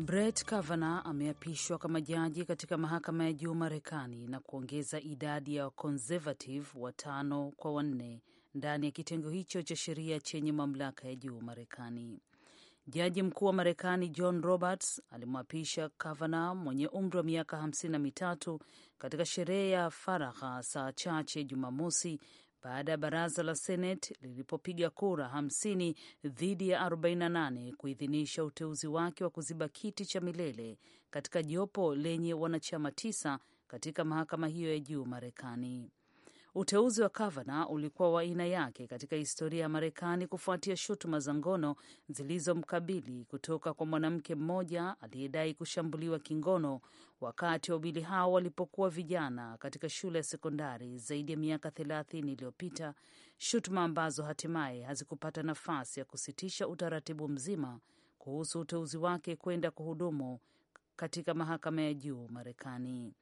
Brett Kavanaugh ameapishwa kama jaji katika mahakama ya juu Marekani na kuongeza idadi ya conservative watano kwa wanne ndani ya kitengo hicho cha sheria chenye mamlaka ya juu Marekani. Jaji mkuu wa Marekani John Roberts alimwapisha Kavanaugh mwenye umri wa miaka hamsini na mitatu katika sherehe ya faragha saa chache Jumamosi baada ya baraza la Seneti lilipopiga kura 50 dhidi ya 48 kuidhinisha uteuzi wake wa kuziba kiti cha milele katika jopo lenye wanachama tisa katika mahakama hiyo ya juu Marekani. Uteuzi wa Kavanaugh ulikuwa wa aina yake katika historia ya Marekani kufuatia shutuma za ngono zilizomkabili kutoka kwa mwanamke mmoja aliyedai kushambuliwa kingono wakati wawili hao walipokuwa vijana katika shule ya sekondari zaidi ya miaka thelathini iliyopita, shutuma ambazo hatimaye hazikupata nafasi ya kusitisha utaratibu mzima kuhusu uteuzi wake kwenda kuhudumu katika mahakama ya juu Marekani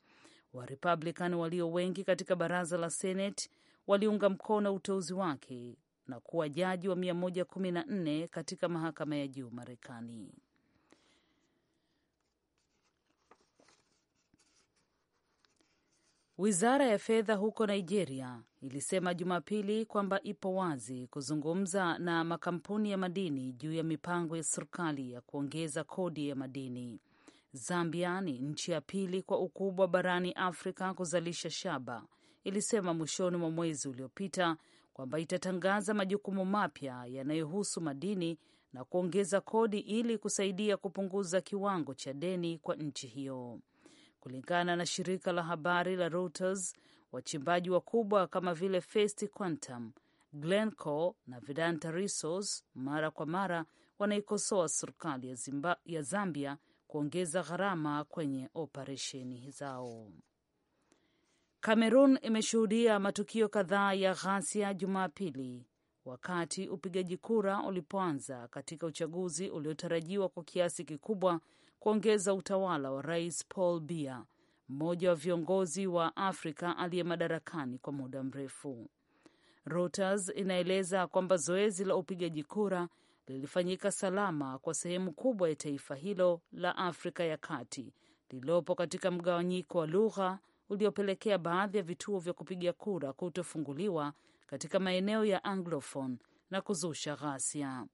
wa Republican walio wengi katika baraza la Senate waliunga mkono uteuzi wake na kuwa jaji wa 114 katika mahakama ya juu Marekani. Wizara ya fedha huko Nigeria ilisema Jumapili kwamba ipo wazi kuzungumza na makampuni ya madini juu ya mipango ya serikali ya kuongeza kodi ya madini. Zambia ni nchi ya pili kwa ukubwa barani Afrika kuzalisha shaba, ilisema mwishoni mwa mwezi uliopita kwamba itatangaza majukumu mapya yanayohusu madini na kuongeza kodi ili kusaidia kupunguza kiwango cha deni kwa nchi hiyo. Kulingana na shirika la habari la Reuters, wachimbaji wakubwa kama vile First Quantum, Glencore na Vedanta Resources mara kwa mara wanaikosoa serikali ya Zambia kuongeza gharama kwenye operesheni zao. Kamerun imeshuhudia matukio kadhaa ya ghasia Jumapili wakati upigaji kura ulipoanza katika uchaguzi uliotarajiwa kwa kiasi kikubwa kuongeza utawala wa Rais Paul Biya, mmoja wa viongozi wa Afrika aliye madarakani kwa muda mrefu. Reuters inaeleza kwamba zoezi la upigaji kura lilifanyika salama kwa sehemu kubwa ya taifa hilo la Afrika ya Kati lililopo katika mgawanyiko wa lugha uliopelekea baadhi ya vituo vya kupiga kura kutofunguliwa katika maeneo ya Anglophone na kuzusha ghasia.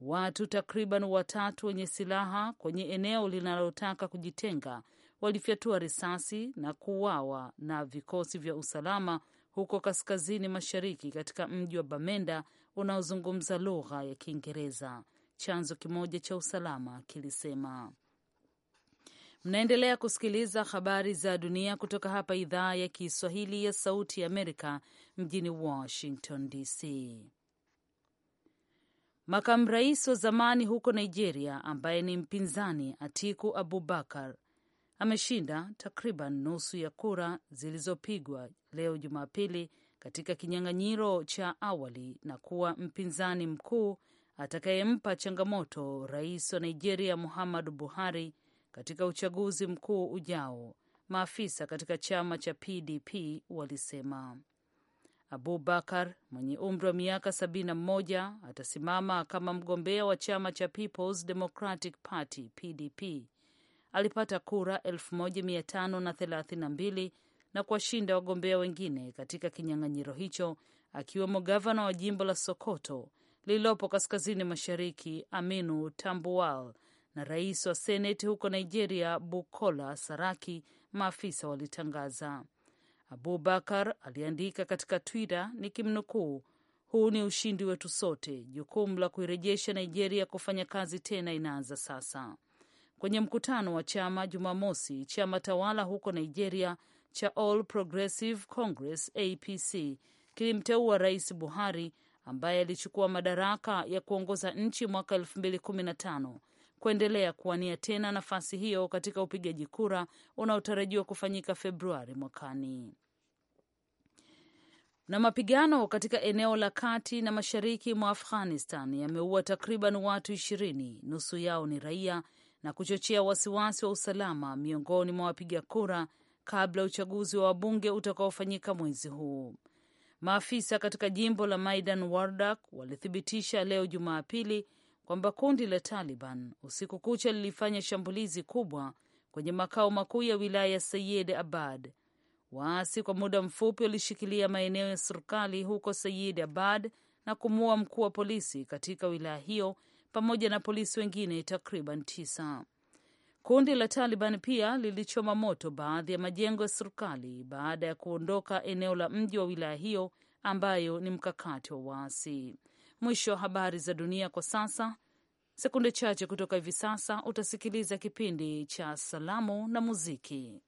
Watu takriban watatu wenye silaha kwenye eneo linalotaka kujitenga walifyatua risasi na kuuawa na vikosi vya usalama huko kaskazini mashariki katika mji wa Bamenda unaozungumza lugha ya Kiingereza, chanzo kimoja cha usalama kilisema. Mnaendelea kusikiliza habari za dunia kutoka hapa idhaa ya Kiswahili ya Sauti ya Amerika mjini Washington DC. Makamu rais wa zamani huko Nigeria ambaye ni mpinzani Atiku Abubakar ameshinda takriban nusu ya kura zilizopigwa leo Jumapili katika kinyang'anyiro cha awali na kuwa mpinzani mkuu atakayempa changamoto rais wa Nigeria Muhammadu Buhari katika uchaguzi mkuu ujao, maafisa katika chama cha PDP walisema. Abubakar mwenye umri wa miaka 71 atasimama kama mgombea wa chama cha Peoples Democratic Party PDP. Alipata kura 1532 na kuwashinda wagombea wengine katika kinyang'anyiro hicho akiwemo gavana wa jimbo la Sokoto lililopo kaskazini mashariki Aminu Tambuwal na rais wa seneti huko Nigeria Bukola Saraki, maafisa walitangaza. Abubakar aliandika katika Twitter nikimnukuu, huu ni ushindi wetu sote. Jukumu la kuirejesha Nigeria kufanya kazi tena inaanza sasa. Kwenye mkutano wa chama Jumamosi, chama tawala huko Nigeria cha All Progressive Congress APC kilimteua Rais Buhari ambaye alichukua madaraka ya kuongoza nchi mwaka 2015 kuendelea kuwania tena nafasi hiyo katika upigaji kura unaotarajiwa kufanyika Februari mwakani. Na mapigano katika eneo la kati na mashariki mwa Afghanistan yameua takriban watu ishirini, nusu yao ni raia, na kuchochea wasiwasi wa usalama miongoni mwa wapiga kura kabla uchaguzi wa wabunge utakaofanyika mwezi huu. Maafisa katika jimbo la Maidan Wardak walithibitisha leo Jumapili kwamba kundi la Taliban usiku kucha lilifanya shambulizi kubwa kwenye makao makuu ya wilaya ya Sayid Abad. Waasi kwa muda mfupi walishikilia maeneo ya serikali huko Sayid Abad na kumuua mkuu wa polisi katika wilaya hiyo pamoja na polisi wengine takriban tisa. Kundi la Taliban pia lilichoma moto baadhi ya majengo ya serikali baada ya kuondoka eneo la mji wa wilaya hiyo ambayo ni mkakati wa waasi. Mwisho wa habari za dunia kwa sasa. Sekunde chache kutoka hivi sasa utasikiliza kipindi cha salamu na muziki.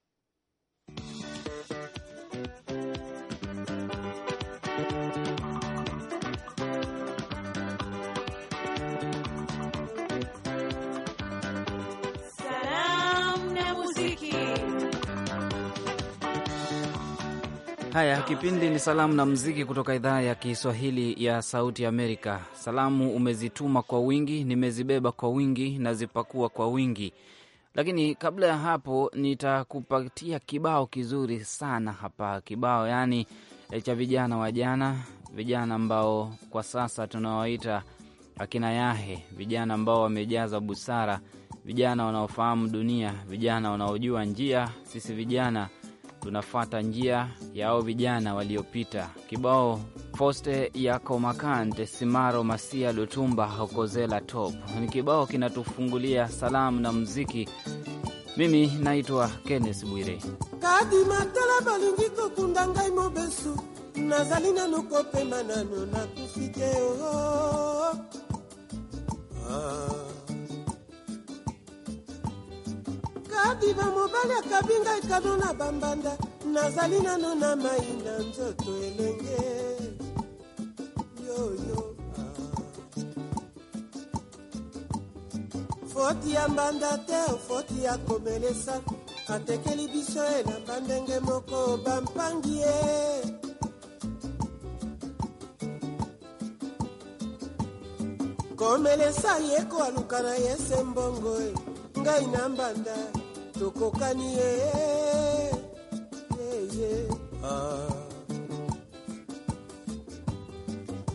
Haya, kipindi ni salamu na mziki kutoka idhaa ya Kiswahili ya Sauti Amerika. Salamu umezituma kwa wingi, nimezibeba kwa wingi, nazipakua kwa wingi. Lakini kabla ya hapo, nitakupatia kibao kizuri sana hapa, kibao yani eh, cha vijana wa jana, vijana ambao kwa sasa tunawaita akina Yahe, vijana ambao wamejaza busara, vijana wanaofahamu dunia, vijana wanaojua njia. Sisi vijana tunafuata njia yao vijana waliopita. Kibao Foste yako Makante Simaro Masia Lutumba Hokozela Top ni kibao kinatufungulia salamu na muziki. Mimi naitwa Kenneth Bwire kadimatala kokunda ngai mobesu nazali nanu kopema nano nakufike oh, oh, oh. ah. abiba mobali akabi ngai kano na bambanda nazali nano na mai na nzoto elenge yoyo foti ya mbanda te foti ya komelesa atekeli biso elamba ndenge moko bampangi ye komelesa ye koaluka na ye se mbongo e. ngai na mbanda tokokani ye eh, ye eh, eh, ah.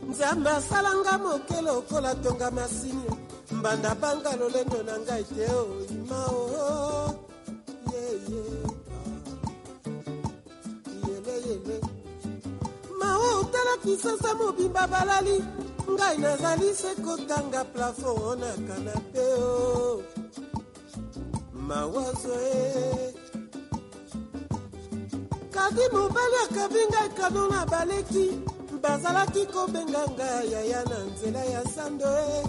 nzambe asalanga moke lokola tonga masini mbanda banga lolendo na ngai te oyima oh, o oh, oh. yeye ah. yeleyele mao otala kisasa mobimba balali ngai nazali se kotanga plafon na kanape o mawazo e eh. kasi mobali akabi ngai kano na baleki bazalaki kobenga ngai yaya na nzela ya sando e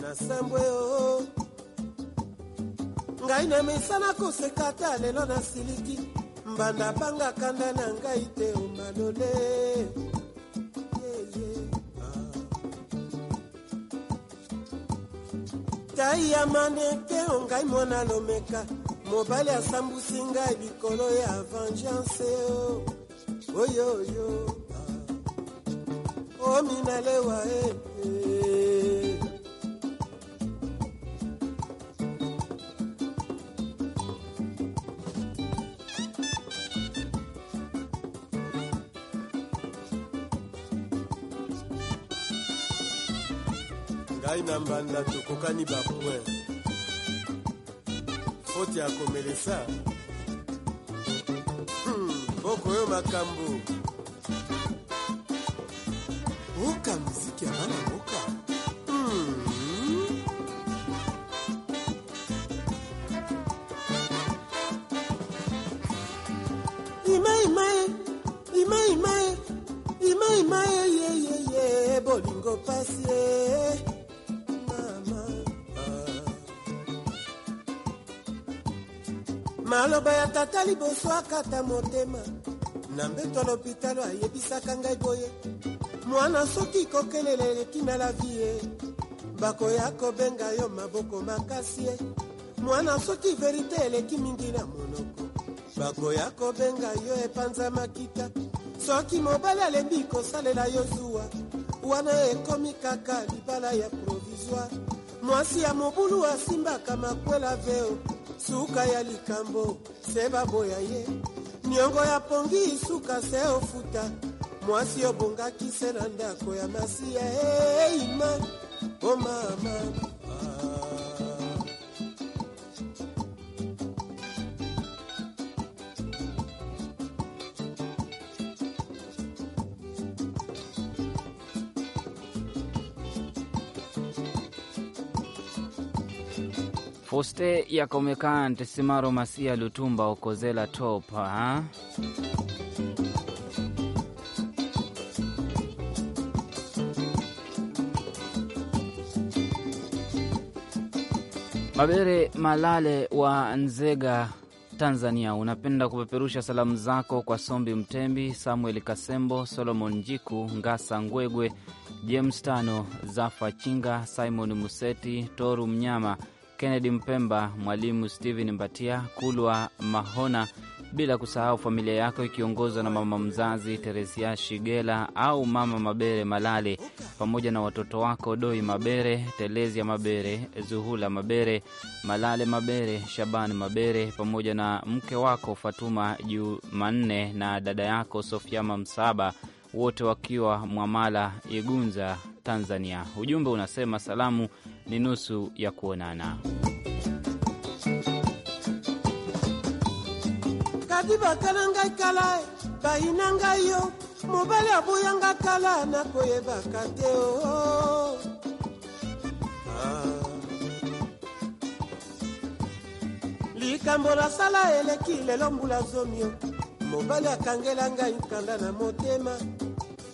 na sambwe eh, o oh. ngai na misana koseka ta lelo nasiliki mbanda bangakanda na ngai te omalole ngai ya maneke o oh ngai mwana lomeka mobali asambusi ngai likolo ya vengeance o oh. oyoyo ah. ominalewa ee eh, eh. na mbanda tokokani bapoin foti ya komelesa mboko hmm, oyo makambo oka miziki ya bana mboka maloba ya tata liboso akata motema na mbeto ya lopitalo ayebisaka ngai boye mwana soki kokelela eleki na lavi ye bakoya kobenga yo maboko makasi ye mwana soki verite eleki mingi na monoko bakoya kobenga yo epanza makita soki mobali alembi kosalela yo zuwa wana ekomi kaka libala ya provisoire mwasi ya mobulu asimbaka makwela veo suka ya likambo se baboya ye niongo ya pongi suka se ofuta mwasi obongaki se na ndako ya eima hey, omama oh, Foste Yakomekante Simaro Masia Lutumba Okozela Topa. Mabere Malale wa Nzega, Tanzania, unapenda kupeperusha salamu zako kwa Sombi Mtembi, Samuel Kasembo, Solomon Njiku, Ngasa Ngwegwe, James Tano, Zafa Chinga, Simon Museti, Toru Mnyama Kennedy Mpemba, mwalimu Steven Mbatia, Kulwa Mahona, bila kusahau familia yako ikiongozwa na mama mzazi Teresia Shigela au mama Mabere Malale, pamoja na watoto wako Doi Mabere, Telezia Mabere, Zuhula Mabere, Malale Mabere, Shabani Mabere, pamoja na mke wako Fatuma Jumanne na dada yako Sofia Mamsaba, wote wakiwa Mwamala, Igunza, Tanzania. Ujumbe unasema salamu ni nusu ya kuonana. kadi bakala ngai kala bayina ngai yo mobali abuyanga kala nakoyebaka te o ah. likambo nasala eleki lelo mbula zomi yo mobali akangela ngai nkanda na motema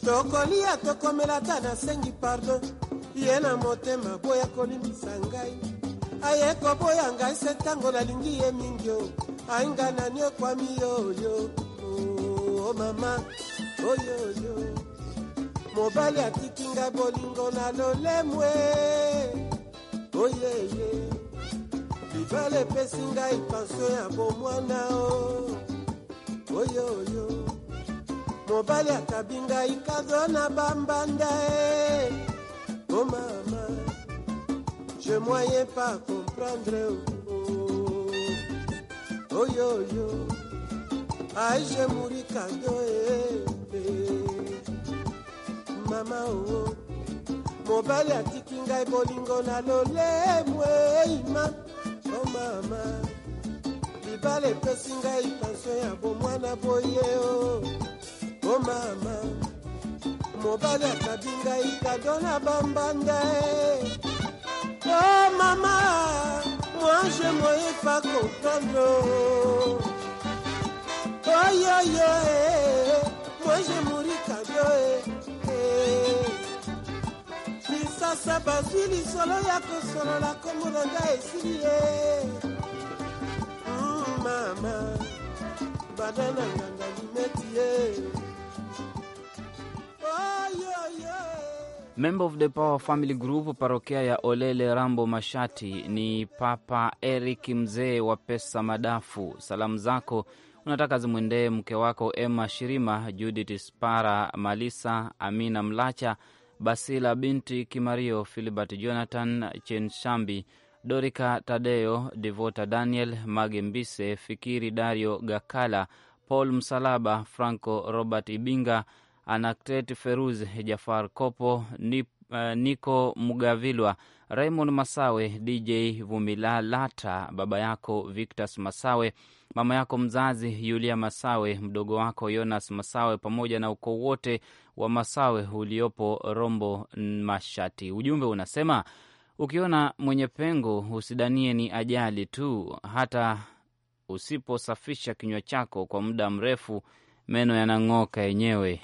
tokolia tokomela ta nasengi pardon ye na motema boya kolimbisa ngai aye koboya ngai se ntango nalingi ye mingi o ainga nani okwami yoyo o oh, mama oyoyo mobali atiki ngai bolingo na lolemwe oyeye libala epesi ngai panso ya bomwana o oyoyo mobali akabi ngai kado na bambanda e eh. Oh maman, je moyen pas comprendre. Oh, oh yo yo, ah je mouris cadeau. Eh, eh. Maman oh, mobali atiki ngai bolingo nalole mweima. Oh mama, libala epesi ngai pension ya bomwana boye. Oh, oh mama mobali akabi ngai kadona bambanda o eh. oh, mama moi je moye oyoyo oh, eh, moi kado lisasa eh, bazwi lisolo ya kosolola komona Member of the Power Family Group parokia ya Olele Rambo Mashati ni Papa Eric mzee wa pesa madafu. Salamu zako unataka zimwendee mke wako Emma Shirima, Judith Spara Malisa, Amina Mlacha, Basila binti Kimario, Filibert Jonathan Chenshambi, Dorika Tadeo, Devota Daniel Magembise, Fikiri Dario Gakala, Paul Msalaba, Franco Robert Ibinga anaktet Feruz, Jafar Kopo, Niko eh, Mugavilwa, Raymond Masawe, DJ Vumila Lata, baba yako Victas Masawe, mama yako mzazi Yulia Masawe, mdogo wako Yonas Masawe, pamoja na ukoo wote wa Masawe uliopo Rombo Mashati. Ujumbe unasema ukiona mwenye pengo usidanie ni ajali tu, hata usiposafisha kinywa chako kwa muda mrefu meno yanang'oka yenyewe.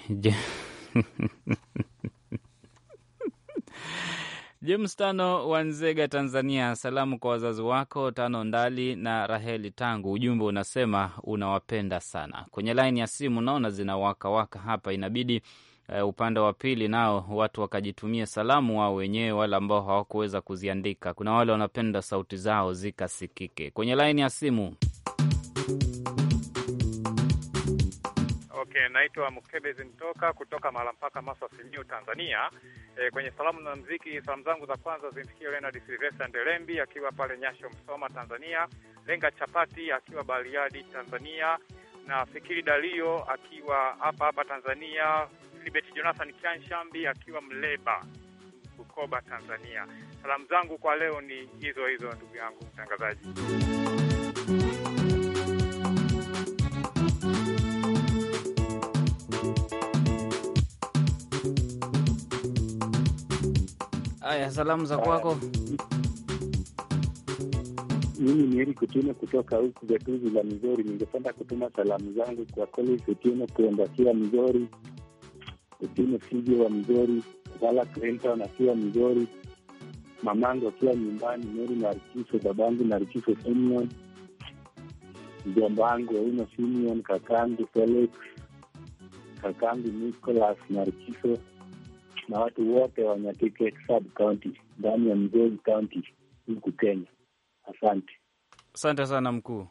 James Tano wa Nzega, Tanzania, salamu kwa wazazi wako Tano Ndali na Raheli Tangu. Ujumbe unasema unawapenda sana. Kwenye laini ya simu naona zinawakawaka hapa, inabidi uh, upande wa pili nao watu wakajitumia salamu wao wenyewe, wale ambao hawakuweza kuziandika. Kuna wale wanapenda sauti zao zikasikike. Kwenye laini ya simu Naitwa mkebezi Mtoka kutoka Mara mpaka Maswa, Simiyu, Tanzania. E, kwenye salamu na mziki, salamu zangu za kwanza zimfikie Leonard Silvester Ndelembi akiwa pale Nyasho, Msoma, Tanzania. Lenga Chapati akiwa Bariadi, Tanzania, na Fikiri Dalio akiwa hapa hapa Tanzania. Libeti Jonathan kianshambi akiwa Mleba, Bukoba, Tanzania. Salamu zangu kwa leo ni hizo hizo, ndugu yangu mtangazaji. Haya, salamu za kwako. Mimi ni Eric Kutino kutoka huku Gatuzi la Mizori. Ningependa kutuma salamu zangu kwa Collins Otieno kuendakia Mizori, Otieno Fijo wa Mizori, Lala Clinton akiwa Mizori, mamangu akiwa nyumbani, Meri Narkiso, babangu Narkiso Simeon, mjomba wangu Wauno Simeon, kakangu Felix, kakangu Nicolas Narkiso na watu wote wa Nyakike sub county ndani ya mzozi county huku Kenya. Asante, asante sana mkuu.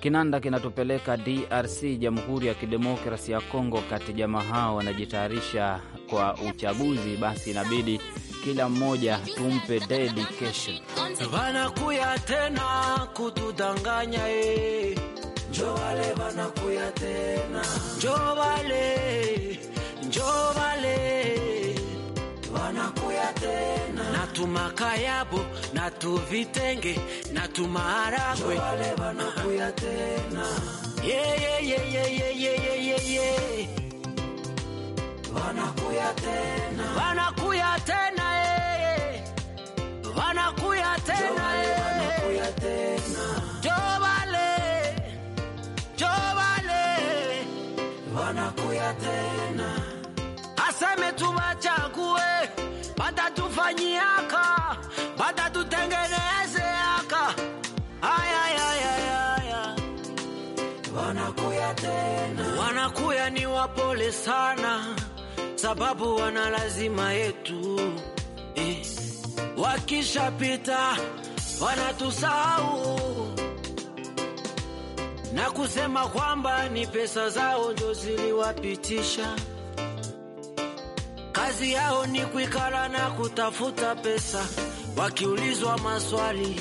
Kinanda kinatupeleka DRC, Jamhuri ya Kidemokrasi ya Kongo. Kati jamaa hao wanajitayarisha kwa uchaguzi, basi inabidi kila mmoja tumpe dedication. Vanakuya tena kutudanganya e, njo wale vanakuya tena, njo wale wale wanakuya tena, na tumakayabo na tuvitenge na tumaharagwe wale wanakuya tena, yeah, yeah, yeah, yeah, yeah, yeah, yeah. Wanakuya tena, wanakuya tena, wanakuya tena, eh, wanakuya tena Jovale, wanakuya tena Waseme tuwachague, watatufanyiaka, watatutengenezeaka wanakuya tena, wanakuya ni wapole sana, sababu wana lazima yetu eh. Wakishapita wanatusahau na kusema kwamba ni pesa zao ndio ziliwapitisha kazi yao ni kuikala na kutafuta pesa, wakiulizwa maswali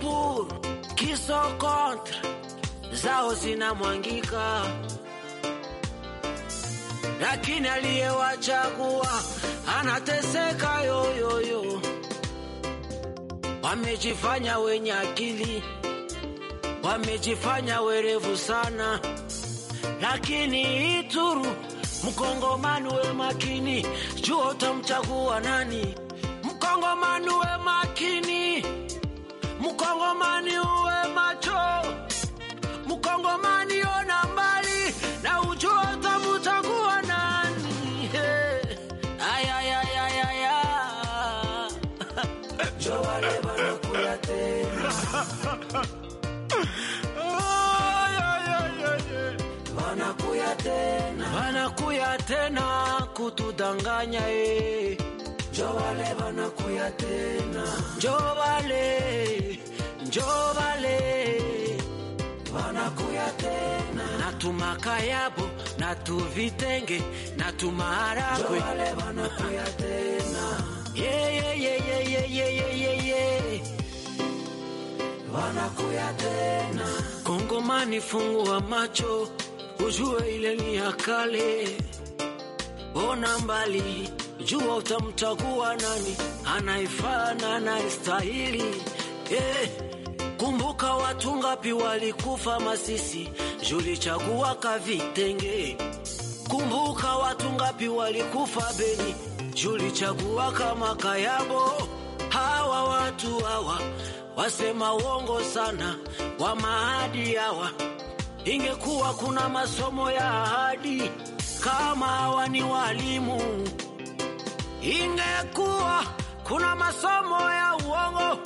pour kiso contre, zao zinamwangika, lakini aliyewachagua anateseka yoyoyo. Wamejifanya wenye akili, wamejifanya werevu sana, lakini Ituru Mkongomani we makini, jua utamchagua nani. Mkongomani we makini, Mkongomani uwe macho, Mkongomani wanakuya tena kutudanganya eh. Njo wale wanakuya tena. Njo wale, njo wale wanakuya tena. Na tumakayabo, na tuvitenge, na tumaharagwe. Njo tena. Wanakuya tena. Kongomani, fungua macho ujue ile ni ya kale, ona mbali, jua utamtakuwa nani anayefana anayestahili. Eh, kumbuka watu ngapi walikufa Masisi, julichagua kavitenge. Kumbuka watu ngapi walikufa Beni, julichagua kama Kayabo. Hawa watu hawa wasema uongo sana, wa maadi hawa ingekuwa kuna masomo ya ahadi kama hawa ni walimu, ingekuwa kuna masomo ya uongo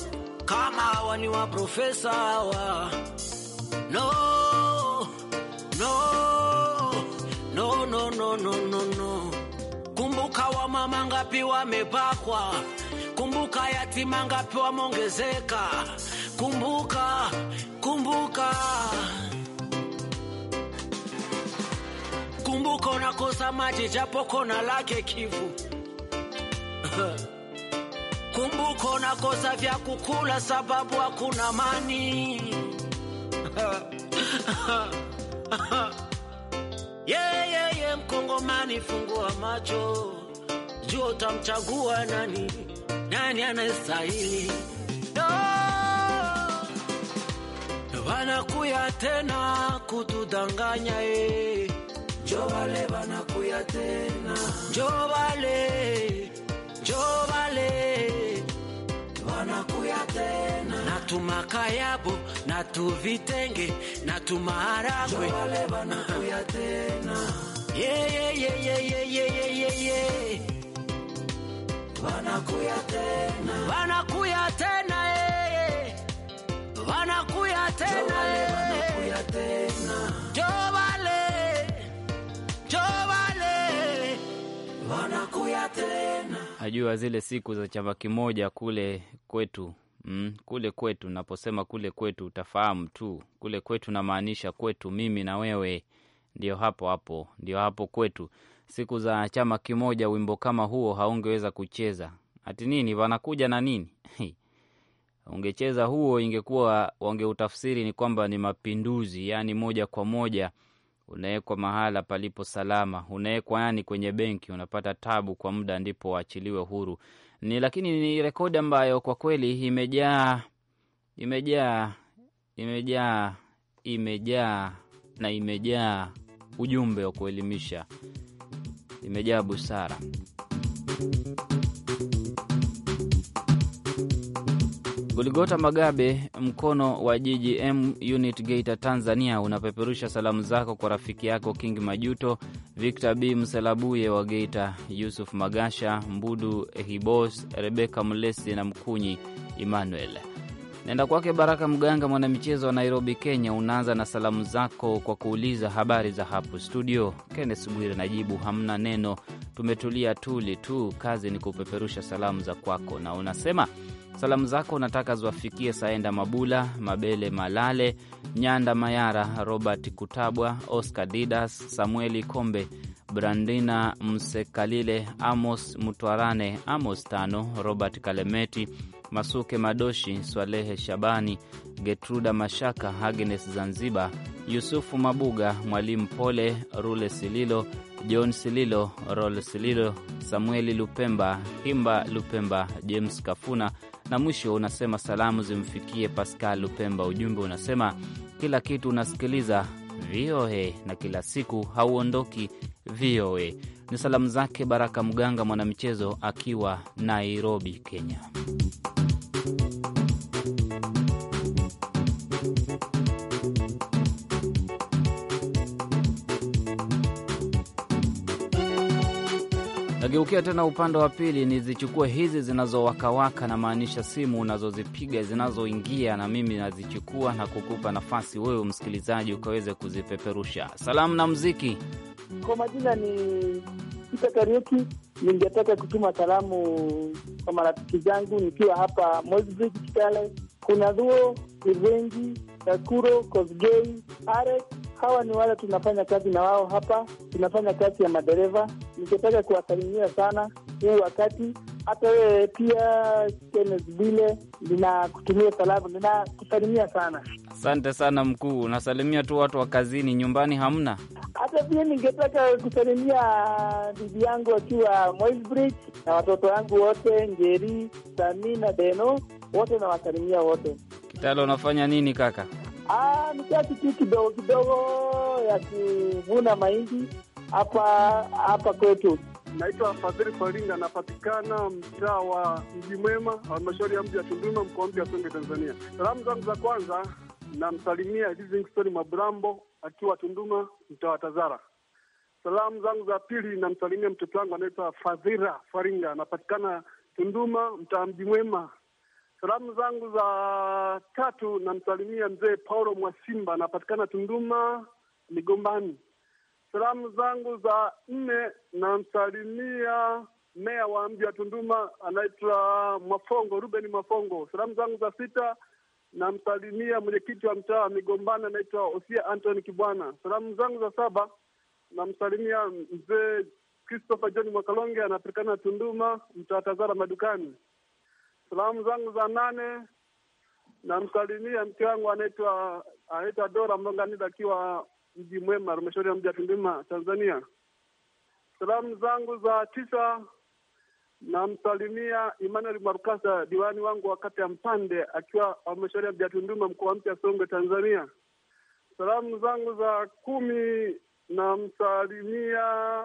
kama hawa ni waprofesa hawa. No, no, no, no, no, no, no. Kumbuka wamama ngapi wamepakwa Kumbuka yatima ngapi wamongezeka. Kumbuka, kumbuka maji japo kona lake Kivu. Kumbuka kosa vya kukula sababu hakuna mani. Yeah, yeah, yeah, Mkongomani, fungua macho, jua utamchagua nani, nani anastahili. No, wanakuya tena kutudanganya eh njo banakuya tena, njo bale banakuya tena, na tumakayabo na tuvitenge na tumaharagwe, njo banakuya tena, yeah, yeah, yeah, yeah, yeah, yeah, yeah. Banakuya tena, banakuya tena Najua zile siku za chama kimoja kule kwetu mm, kule kwetu, naposema kule kwetu utafahamu tu kule kwetu, namaanisha kwetu mimi na wewe, ndio hapo hapo, ndio hapo kwetu. Siku za chama kimoja, wimbo kama huo haungeweza kucheza ati nini, wanakuja na nini ungecheza huo, ingekuwa wangeutafsiri ni kwamba ni mapinduzi, yaani moja kwa moja unawekwa mahala palipo salama, unawekwa yani kwenye benki, unapata tabu kwa muda, ndipo waachiliwe huru. Ni lakini ni rekodi ambayo kwa kweli imejaa imejaa imejaa imejaa na imejaa ujumbe wa kuelimisha, imejaa busara. Goligota Magabe mkono wa GGM unit Geita, Tanzania, unapeperusha salamu zako kwa rafiki yako King Majuto, Victor B Mselabuye wa Geita, Yusuf Magasha Mbudu, Hibos Rebeka Mlesi na Mkunyi Emmanuel. naenda kwake Baraka Mganga, mwanamichezo wa Nairobi, Kenya. Unaanza na salamu zako kwa kuuliza habari za hapo studio. Kennes Bwire najibu hamna neno, tumetulia tuli tu, kazi ni kupeperusha salamu za kwako, na unasema Salamu zako unataka ziwafikie Saenda Mabula, Mabele Malale, Nyanda Mayara, Robert Kutabwa, Oscar Didas, Samueli Kombe, Brandina Msekalile, Amos mutwarane Amos Tano, Robert Kalemeti, Masuke Madoshi, Swalehe Shabani, Getruda Mashaka, Agnes zanziba Yusufu Mabuga, Mwalimu Pole, Rule Sililo, John Sililo, Rol Sililo, Samueli Lupemba, Himba Lupemba, James Kafuna na mwisho unasema salamu zimfikie Pascal Lupemba. Ujumbe unasema kila kitu unasikiliza VOA na kila siku hauondoki VOA. Ni salamu zake Baraka Mganga, mwanamichezo akiwa Nairobi, Kenya. Nageukia tena upande wa pili, nizichukue hizi zinazowakawaka, namaanisha simu unazozipiga zinazoingia, na mimi nazichukua na kukupa nafasi wewe msikilizaji ukaweze kuzipeperusha. Salamu na mziki. Kwa majina ni Pita Kariuki. Ningetaka kutuma salamu kwa marafiki zangu nikiwa hapa Moizi Kitale, kuna Dhuo Ivengi Takuro, Kosgei, Arek, hawa ni wale tunafanya kazi na wao hapa, tunafanya kazi ya madereva. Ningetaka kuwasalimia sana huu wakati, hata wewe pia Kenneth Bile, ninakutumia salamu, ninakusalimia sana. Asante sana mkuu, nasalimia tu watu wa kazini, nyumbani hamna? Hata pia ningetaka kusalimia bibi yangu akiwa Moisbridge na watoto wangu wote Ngeri, Sami na Deno, wote nawasalimia wote. Kitalo, unafanya nini kaka? Ah, tu kidogo kidogo ya kuvuna mahindi hapa hapa kwetu. Naitwa Fadhili Faringa, napatikana mtaa wa Mji Mwema, halmashauri ya mji wa Tunduma, mkoa mpya wa Songwe, Tanzania. Salamu zangu za kwanza namsalimia Livingstone Mabrambo akiwa Tunduma, mtaa wa Tazara. Salamu zangu za pili namsalimia mtoto wangu anaitwa Fadhira Faringa, anapatikana Tunduma, mtaa Mji Mwema, Salamu zangu za tatu namsalimia mzee Paulo Mwasimba, anapatikana Tunduma Migombani. Salamu zangu za nne namsalimia meya wa mji wa Tunduma anaitwa Mafongo Ruben Mafongo. Salamu zangu za sita namsalimia mwenyekiti wa mtaa wa Migombani anaitwa Osia Anthony Kibwana. Salamu zangu za saba namsalimia mzee Christopher John Mwakalonge anapatikana Tunduma, mtaa Tazara madukani. Salamu zangu za nane namsalimia mke wangu anaitwa anaitwa Dora Mlonganida akiwa mji mwema, halmashauri ya mji wa Tunduma, Tanzania. Salamu zangu za tisa namsalimia Emmanuel Marukasa, diwani wangu wakati ya Mpande akiwa halmashauri ya mji wa Tunduma, mkoa mpya Songwe, Tanzania. Salamu zangu za kumi namsalimia,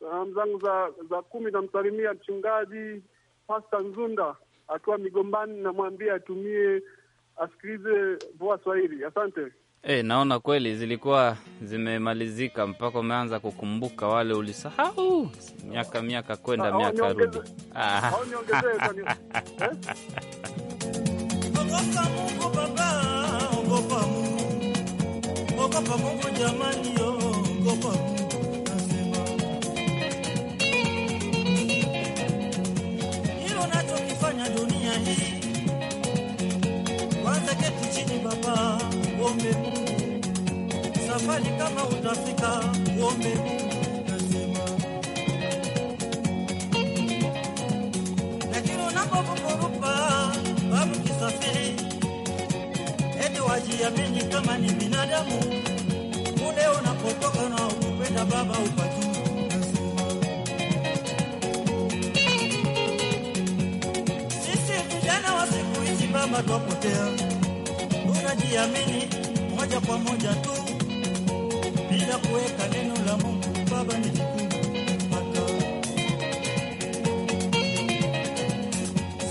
salamu zangu za, za kumi namsalimia mchungaji Pasta Nzunda akiwa Migombani, namwambia atumie asikilize VOA Swahili. Asante. Hey, eh, naona kweli zilikuwa zimemalizika, mpaka umeanza kukumbuka wale ulisahau miaka miaka kwenda miaka rudi ogopa Mungu, ogopa Mungu jamani, ogopa Mungu kwanza keti chini baba, uombe Mungu. Safari kama utafika, uombe Mungu lazima. Lakini unapokurupa babu kisafiri, eti wajiamini kama ni binadamu, ule unapotoka na ukupenda baba upatu kama twapotea, unajiamini moja kwa moja tu bila kuweka neno la Mungu Baba ni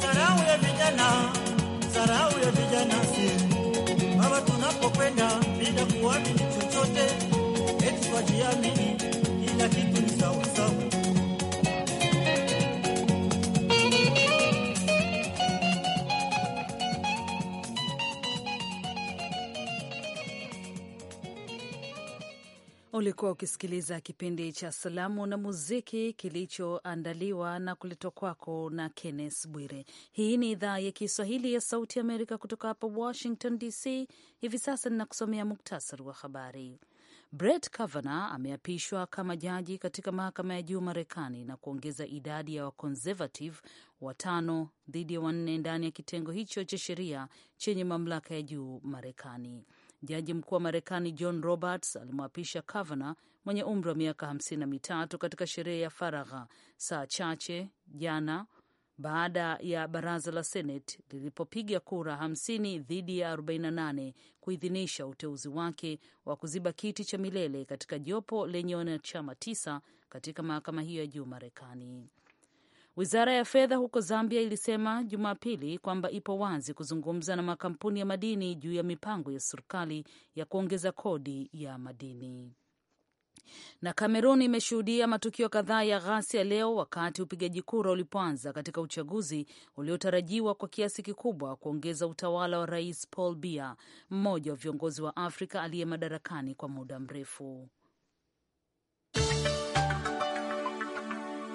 sarau ya vijana, sarau ya vijana si Baba, tunapokwenda bila kuamini chochote, eti twajiamini Ulikuwa ukisikiliza kipindi cha Salamu na Muziki kilichoandaliwa na kuletwa kwako na Kennes Bwire. Hii ni idhaa ya Kiswahili ya Sauti Amerika kutoka hapa Washington DC. Hivi sasa ninakusomea muktasari wa habari. Brett Kavanaugh ameapishwa kama jaji katika mahakama ya juu Marekani na kuongeza idadi ya wakonservative watano dhidi ya wanne ndani ya kitengo hicho cha sheria chenye mamlaka ya juu Marekani. Jaji mkuu wa Marekani John Roberts alimwapisha Kavanaugh mwenye umri wa miaka hamsini na mitatu katika sherehe ya faragha saa chache jana baada ya baraza la Senate lilipopiga kura hamsini dhidi ya 48 kuidhinisha uteuzi wake wa kuziba kiti cha milele katika jopo lenye wanachama tisa katika mahakama hiyo ya juu Marekani. Wizara ya fedha huko Zambia ilisema Jumapili kwamba ipo wazi kuzungumza na makampuni ya madini juu ya mipango ya serikali ya kuongeza kodi ya madini. Na Kamerun imeshuhudia matukio kadhaa ya ghasia leo wakati upigaji kura ulipoanza katika uchaguzi uliotarajiwa kwa kiasi kikubwa kuongeza utawala wa Rais Paul Biya, mmoja wa viongozi wa Afrika aliye madarakani kwa muda mrefu.